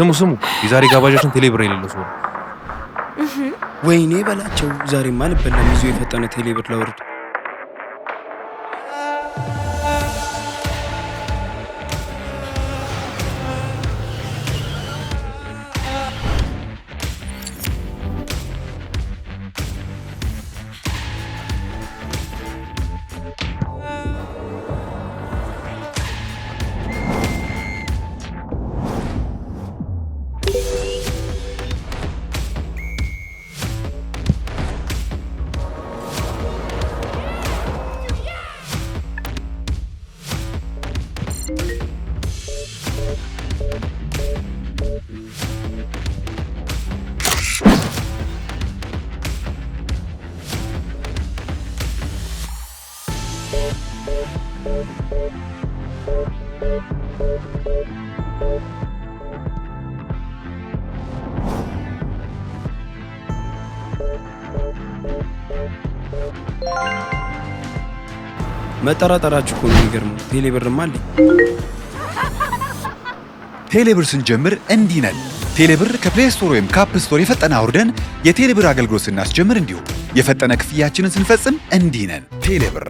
ስሙ ስሙ፣ የዛሬ ጋባዣችን ቴሌብር የሌለው ሰው ወይኔ በላቸው፣ ዛሬማ አልበላም። ይዞ የፈጠነ ቴሌብር ላውርድ መጠራጠራችሁ እኮ ነው የሚገርመው። ቴሌብርማ አለኝ። ቴሌብር ስንጀምር እንዲህ ነን። ቴሌብር ከፕሌይ ስቶር ወይም ከአፕ ስቶር የፈጠነ አውርደን የቴሌብር አገልግሎት ስናስጀምር እንዲሁ የፈጠነ ክፍያችንን ስንፈጽም እንዲህ ነን። ቴሌብር